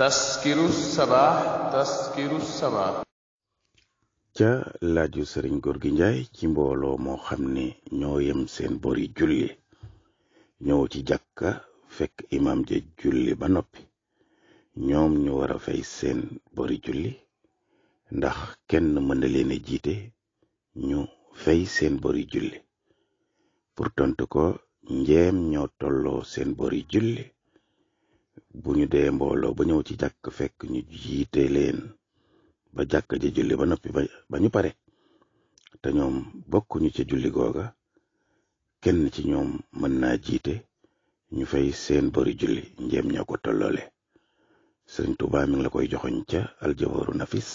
taskiru sabaax taskiru ca laaju sëriñ góor gi njaay ci mbooloo moo xam ne ñoo yem seen bori julli ñëw ci jàkka fekk imam ja julli ba noppi ñoom ñu war a fay seen bori julli ndax kenn mën na leen jiite ñu fay seen bori julli pour tontu ko njeem ñoo tolloo seen bori julli bu ñu dee mbooloo ba ñëw ci jàkk fekk ñu jiite leen ba jàkk ji julli ba noppi ba ñu pare te ñoom bokkuñu ci julli googa kenn ci ñoom mën naa jiite ñu fay seen bori julli njéem ñoo ko tolloole Sëriñ Tuubaa mi ngi la koy joxoñ ca aljawaru nafis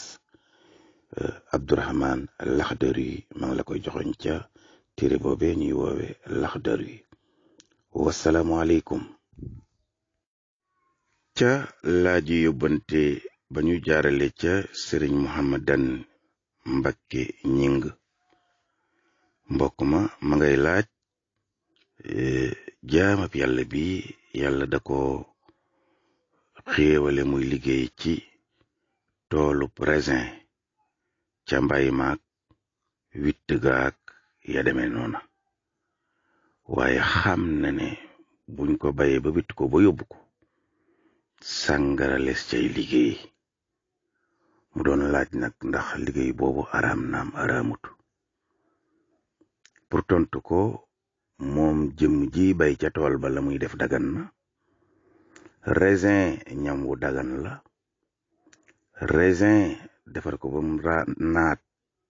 Abdurahman Laxdar yi ma ngi la koy joxoñ ca téere boobee ñuy woowe Laxdar yi wasalaamualeykum ca laaji yóbbante ba ñu jaarale ca sëriñ muhammadan mbakke ñing mbokk ma ma ngay laaj e, jaamab yàlla bi yàlla da ko xéewale muy liggéey ci toolu raisin ca mbay maag witt gaag ya demee noona waaye xam na ne buñ ko bayee ba witt ko ba yóbbu sàngara les cay liggéey mu doon laaj nag ndax liggéey boobu araam naam araamut pour tontu ko moom jëm ji bay ca tool bala muy def dagan na raisin ñam wu dagan la raisin defar ko ba mu naat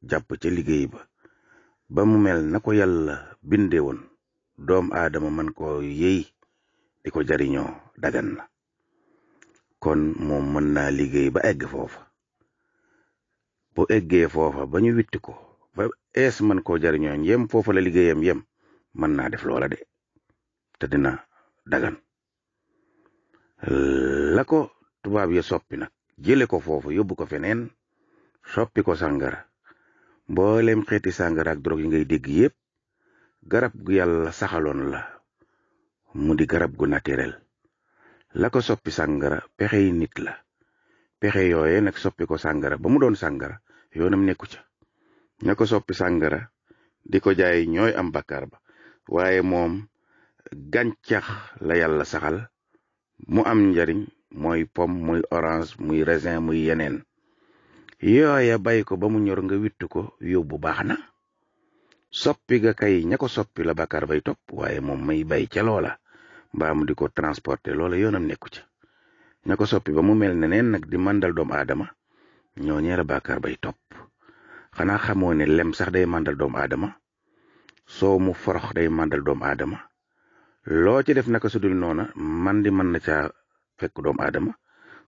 jàpp ca liggéey ba ba mu mel na ko yalla binde woon doom aadama man ko yey di ko jariñoo dagan na kon moom mën naa liggéey ba egg foofa bu eggee foofa ba ñu witti ko ba ees man koo jariñoo yem foofa la liggéeyam yem mën naa def loola de te dina dagan la ko tubaab ya soppi nag jële ko foofa yóbbu ko feneen soppi ko sàngara mboolem xeeti sàngara ak drogue yi ngay dégg yépp garab gu yàlla saxaloon la mu di garab gu naturel la ko soppi sàngara pexe yi nit la pexe yooye nag soppi ko sàngara ba mu doon sàngara yoonam nekku ca ña ko soppi sàngara di ko jaay ñooy am bakkaar ba waaye moom gàncax la yàlla saxal mu am njariñ mooy pom muy orange muy raisin muy yeneen yooya bay ko ba mu ñor nga wittu ko yóbbu baax na soppi ga kay ña ko soppi la bakkaar bay topp waaye moom may bay ca loola mbaa mu di ko transporter loola yoonam nekku ci ña ko soppi ba mu mel ne neen nag di mandal doomu aadama ñoo ñeera bàkkaar bay topp xanaa xamoo ne lem sax day mandal doomu aadama soo mu forox day mandal doom aadama loo ci def naka su noona man di mën na caa fekk doomu aadama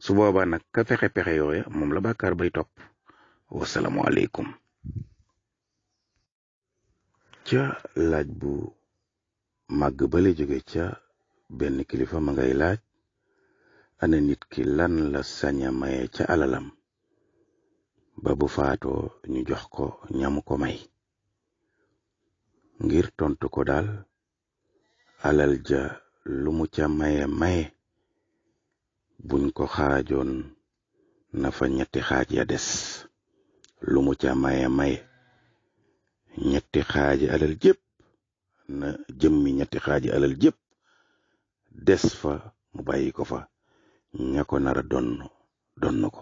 su boobaa nag ka fexe pexe yooya moom la bàkkaar bay topp wasalaamualeykum. ca laaj bu màgg bale jóge ca benn kilifa ma ngay laaj ana nit ki lan la saña maye ca alalam ba bu faatoo ñu jox ko ñamu ko may ngir tontu ko daal alal ja lu maye maye buñ ko xaajoon na ñetti xaaj ya des lu ca maye maye ñetti xaaji alal jépp na jëmmi ñetti xaaji alal jépp des fa mu bàyyi ko fa ña nara nar a donn ko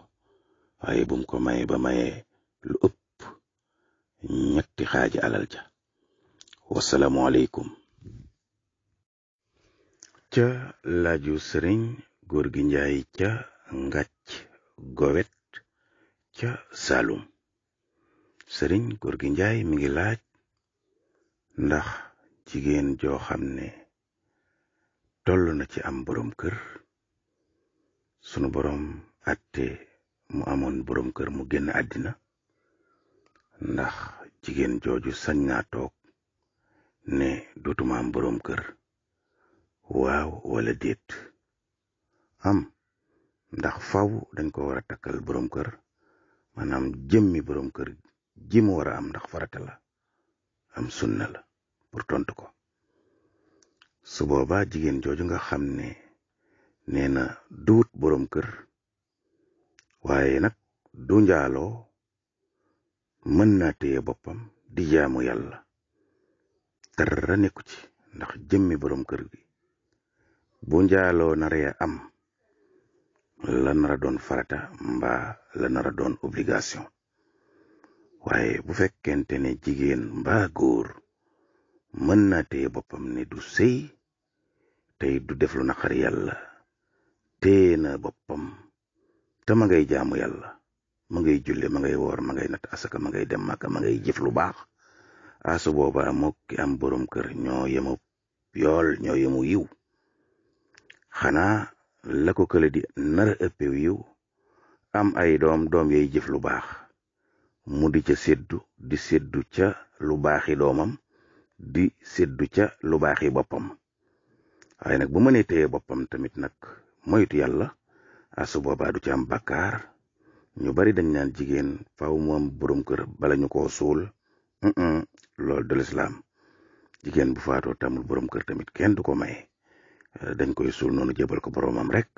waaye bum ko maye ba mayee lu ëpp ñetti xaaji alal ja wasalaamualeykum ca laaju sëriñ góor gi njaay ca ngàcc gowet ca saalum sëriñ góor gi njaay mi ngi laaj ndax jigéen joo xam ne toll na ci am boroom kër sunu boroom atte mu amoon boroom kër mu génn àddina ndax jigéen jooju sañ naa toog ne dootuma am boroom kër waaw walla déet am ndax faw dañ ko war a takkal boroom kër maanaam jëmmi boroom kër ji mu war a am ndax farata la am sunna la pour ko su boobaa jigéen jooju nga xam ne nee na duut boroom kër waaye nag du njaaloo mën naa téye boppam di jaamu yàlla dara nekku ci ndax jëmmi boroom kër gi bu njaaloo naree am la nara doon farata mbaa la nara doon obligation waaye bu fekkente ne jigéen mbaa góor mën naa téye boppam ne du sëy tey du def lu naqar yàlla téye na boppam te ma ngay jaamu yàlla ma ngay julli ma ngay woor ma ngay natt asaka ma ngay dem màkka ma ngay jëf lu baax asu booba mook ki am borom kër ñoo yemu yool ñoo yemu yiw xanaa la ko kële di nara ëppew yiw am ay doom doom yay jëf lu baax mu di ca séddu di séddu ca lu baaxi doomam di séddu ca lu baaxi boppam waaye nag bu mënee téye boppam tamit nag moytu yàlla asu ah, boobaa du ci am bakkaar ñu bari dañ naan jigéen faw mu am borom kër bala ñu ko suul loolu de lislaam jigéen bu faatoo tamul borom kër tamit kenn du ko maye eh, dañ koy suul noonu jébal ko boromam rek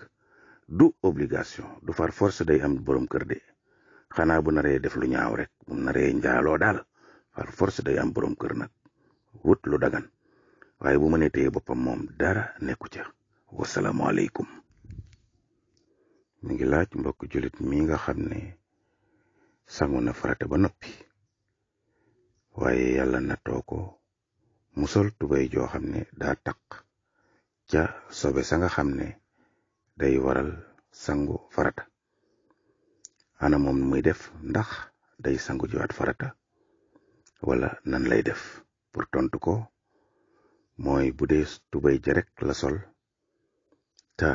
du obligation du far force day am borom kër de xanaa bu naree def lu ñaaw rek bu naree njaaloo daal far force day am borom kër nag wut lu dagan waaye bu mënee téye boppam moom dara nekku ca wasalaamaaleykum mi ngi laaj mbokk julit mi nga xam ne sangu na farata ba noppi waaye yàlla nattoo ko mu sol tubay joo xam ne daa taq ca sobe sa nga xam ne day waral sangu farata ana moom muy def ndax day sangu jiwaat farata wala nan lay def pour tontu ko mooy bu dee tubéy ji rek la sol te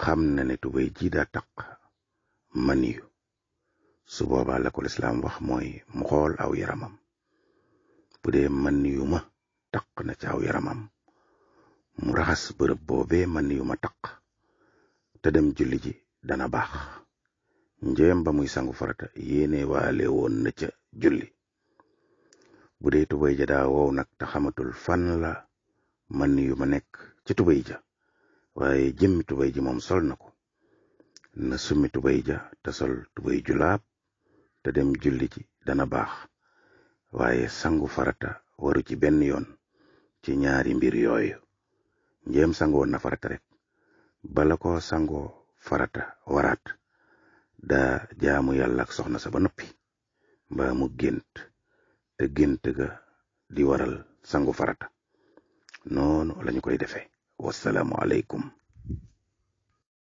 xam na ne tubéy ji daa taq maniyu su boobaa la ko wax mooy mu xool aw yaramam bu dee maniyu ma taq na ci aw yaramam mu raxas bërëb boobee maniyu ma taq te dem julli ji dana baax njéem ba muy sangu farata yéene waale woon na ca julli bu dee ja daa wow nag te xamatul fan la man yu ma nekk ci tubay ja waaye jëmmi tubay ji moom sol na ko na summi tubay ja te sol tubay ju te dem julli ji dana baax waaye sangu farata waru ci benn yoon ci ñaari mbir yooy njéem sangoo na rek bala ko sangoo farata waraat daa jaamu yàlla ak soxna sa ba noppi mbaa mu gént te gént ga di waral sangu farata noonu la ñu koy defee wasalaamualeykum